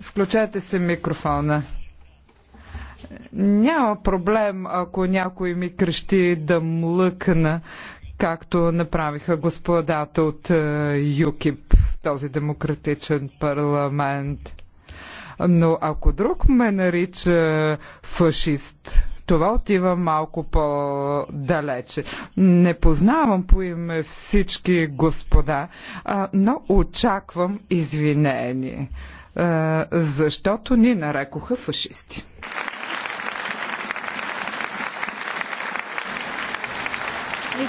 Включете се микрофона. Няма проблем, ако някой ми крещи да млъкна, както направиха господата от е, ЮКИП в този демократичен парламент. Но ако друг ме нарича е, фашист, това отива малко по-далече. Не познавам по име всички господа, но очаквам извинение защото ни нарекоха фашисти. Eh,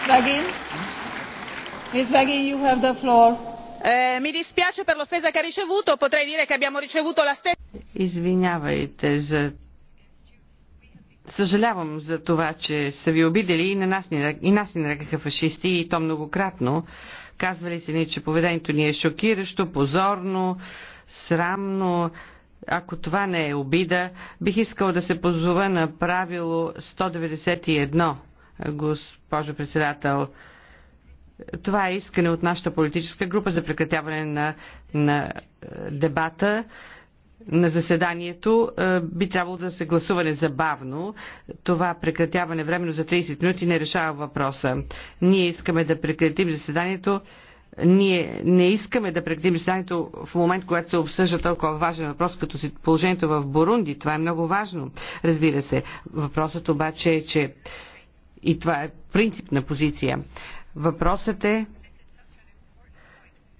Извинявайте за Съжалявам за това, че са ви обидели и, на нас ни, и нас ни нарекаха фашисти и то многократно. Казвали се ни, че поведението ни е шокиращо, позорно, срамно, ако това не е обида, бих искал да се позова на правило 191, госпожо председател. Това е искане от нашата политическа група за прекратяване на, на е, дебата на заседанието е, би трябвало да се гласува незабавно. Това прекратяване временно за 30 минути не решава въпроса. Ние искаме да прекратим заседанието ние не искаме да прекратим заседанието в момент, когато се обсъжда толкова важен въпрос, като положението в Бурунди. Това е много важно, разбира се. Въпросът обаче е, че и това е принципна позиция. Въпросът е,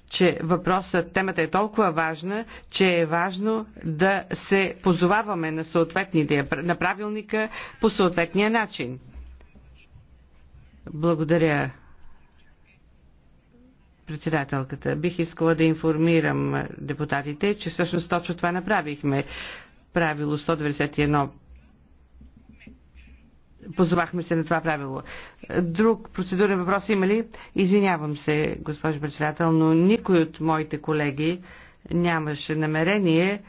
че въпросът, темата е толкова важна, че е важно да се позоваваме на съответните, на правилника по съответния начин. Благодаря, Председателката, бих искала да информирам депутатите, че всъщност точно това направихме. Правило 191 Позовахме се на това правило. Друг процедурен въпрос има ли? Извинявам се, госпожо председател, но никой от моите колеги нямаше намерение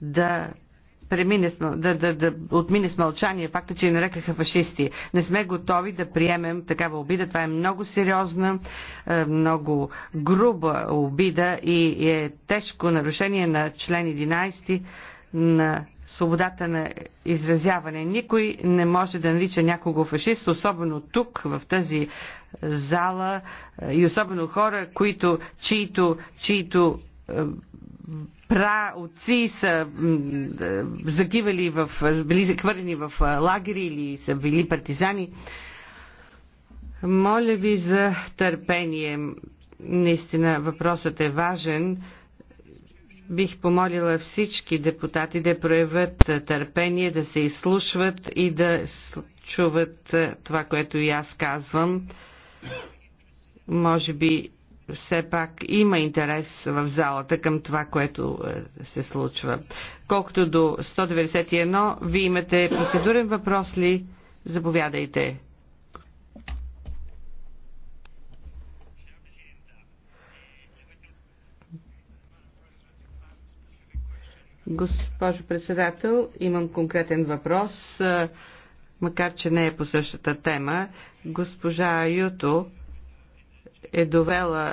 да премине, да, да, да отмине с мълчание факта, че ни нарекаха фашисти. Не сме готови да приемем такава обида. Това е много сериозна, е, много груба обида и е тежко нарушение на член 11 на свободата на изразяване. Никой не може да нарича някого фашист, особено тук, в тази зала е, и особено хора, които, чието, чието пра, отци са е, загивали в, били захвърлени в е, лагери или са били партизани. Моля ви за търпение. Наистина въпросът е важен. Бих помолила всички депутати да проявят е, търпение, да се изслушват и да чуват това, което и аз казвам. Може би все пак има интерес в залата към това, което е, се случва. Колкото до 191, вие имате процедурен въпрос ли? Заповядайте. Госпожо председател, имам конкретен въпрос, е, макар че не е по същата тема. Госпожа Юто е довела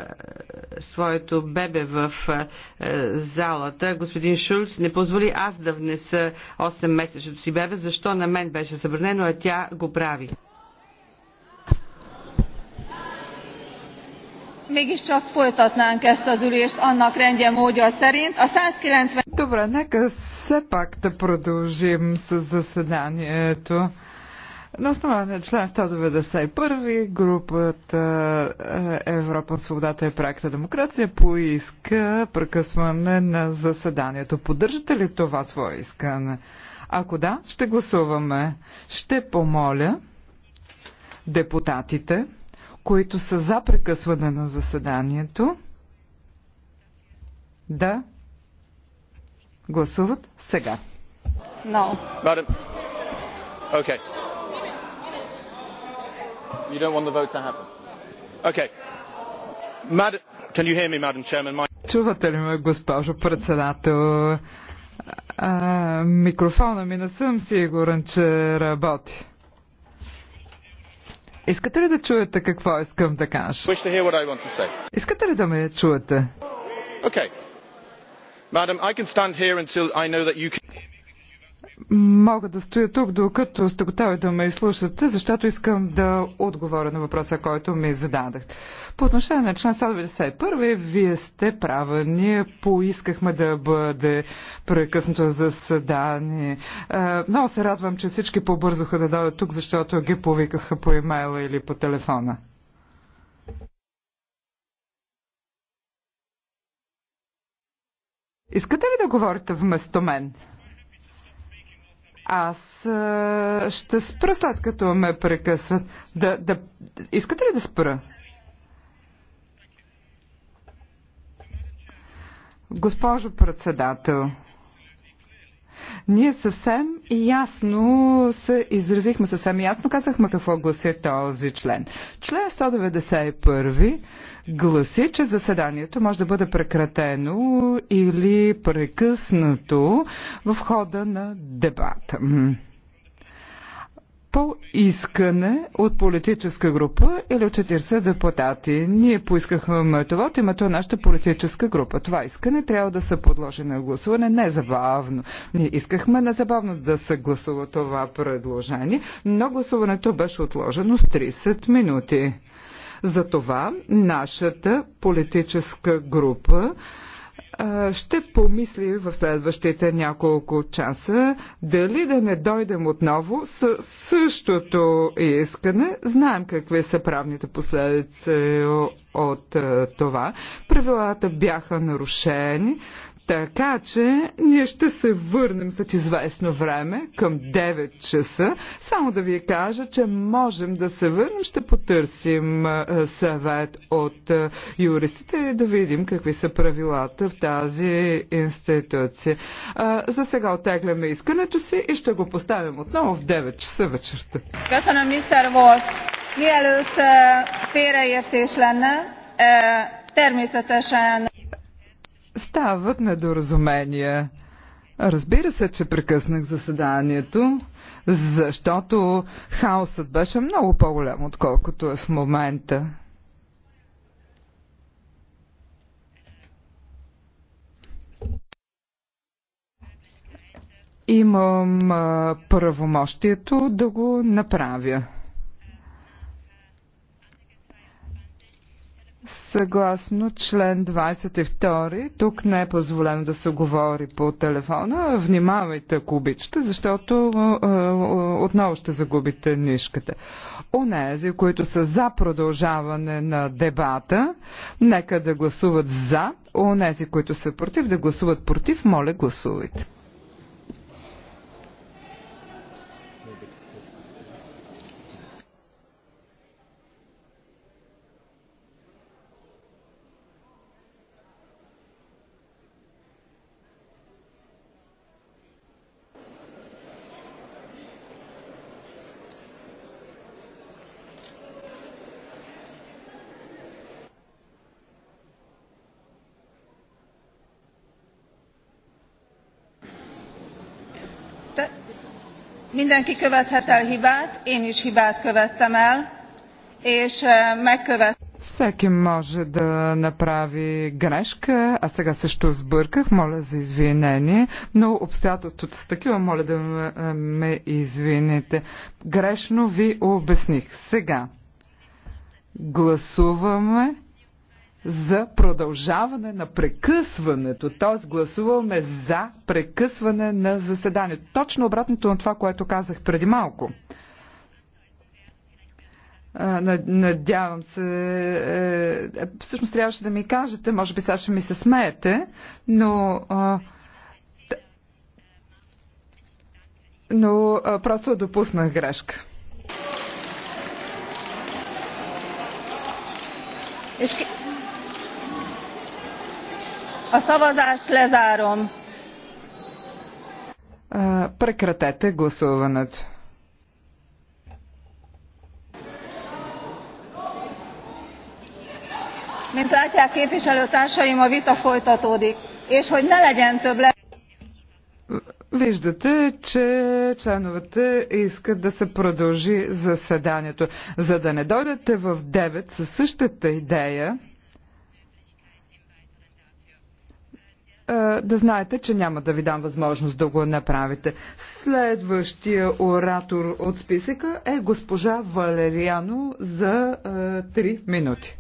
е, своето бебе в е, е, залата. Господин Шулц не позволи аз да внеса 8-месечното си бебе. Защо на мен беше събранено, а тя го прави? mégiscsak folytatnánk ezt az ülést annak rendje módja szerint. A 190... Добре, нека все пак да продължим с заседанието. На основание член 191 групата е, Европа, свободата и проекта демокрация поиска прекъсване на заседанието. Поддържате ли това свое искане? Ако да, ще гласуваме. Ще помоля депутатите, които са за прекъсване на заседанието, да гласуват сега. No. Okay. You don't want the vote to happen. Okay. Mad... Can you hear me, Madam Chairman? My... Чувате ли ме, госпожо председател? А, микрофона ми не съм сигурен, че работи. Искате ли да чуете какво искам да кажа? Искате ли да ме чуете? Okay. Madam, I can stand here until I know that you can... Мога да стоя тук, докато сте готови да ме изслушате, защото искам да отговоря на въпроса, който ми зададахте. По отношение на член 191, вие сте права. Ние поискахме да бъде прекъснато заседание. Е, много се радвам, че всички побързоха да дойдат тук, защото ги повикаха по имейла или по телефона. Искате ли да говорите вместо мен? Аз а, ще спра след като ме прекъсват. Да, да, искате ли да спра? Госпожо председател, ние съвсем ясно се изразихме, съвсем ясно казахме какво гласи този член. Член 191 гласи, че заседанието може да бъде прекратено или прекъснато в хода на дебата искане от политическа група или от 40 депутати. Ние поискахме това от името на нашата политическа група. Това искане трябва да се подложи на гласуване незабавно. Ние искахме незабавно да се гласува това предложение, но гласуването беше отложено с 30 минути. Затова нашата политическа група ще помисли в следващите няколко часа дали да не дойдем отново с същото искане. Знаем какви са правните последици от това. Правилата бяха нарушени, така че ние ще се върнем след известно време към 9 часа. Само да ви кажа, че можем да се върнем, ще потърсим съвет от юристите и да видим какви са правилата в тази тази институция. А, за сега отегляме искането си и ще го поставим отново в 9 часа вечерта. Köszönöm, Mr. Wolf. Mielőtt е, félreértés lenne, е, természetesen... Стават недоразумения. Разбира се, че прекъснах заседанието, защото хаосът беше много по-голям, отколкото е в момента. имам а, правомощието да го направя. Съгласно член 22, тук не е позволено да се говори по телефона. Внимавайте, ако обичате, защото отново ще загубите нишката. Онези, които са за продължаване на дебата, нека да гласуват за. Онези, които са против, да гласуват против. Моля, гласувайте. mindenki követhet el hibát, én is hibát követtem el, és megkövet. Всеки може да направи грешка, а сега също сбърках, моля за извинение, но обстоятелството са такива, моля да ме е, извините. Грешно ви обясних. Сега гласуваме за продължаване на прекъсването. Т.е. гласуваме за прекъсване на заседанието. Точно обратното на това, което казах преди малко. Надявам се. Е, е, всъщност трябваше да ми кажете, може би сега ще ми се смеете, но. Но просто допуснах грешка. Ешки... A szavazást lezárom. Прекратете гласуването. Mint látják képviselőtársaim, a vita folytatódik, és hogy ne legyen több le... Виждате, че членовете искат да се продължи заседанието. За да не дойдете в 9 със същата идея, Е, да знаете, че няма да ви дам възможност да го направите. Следващия оратор от списъка е госпожа Валериано за 3 е, минути.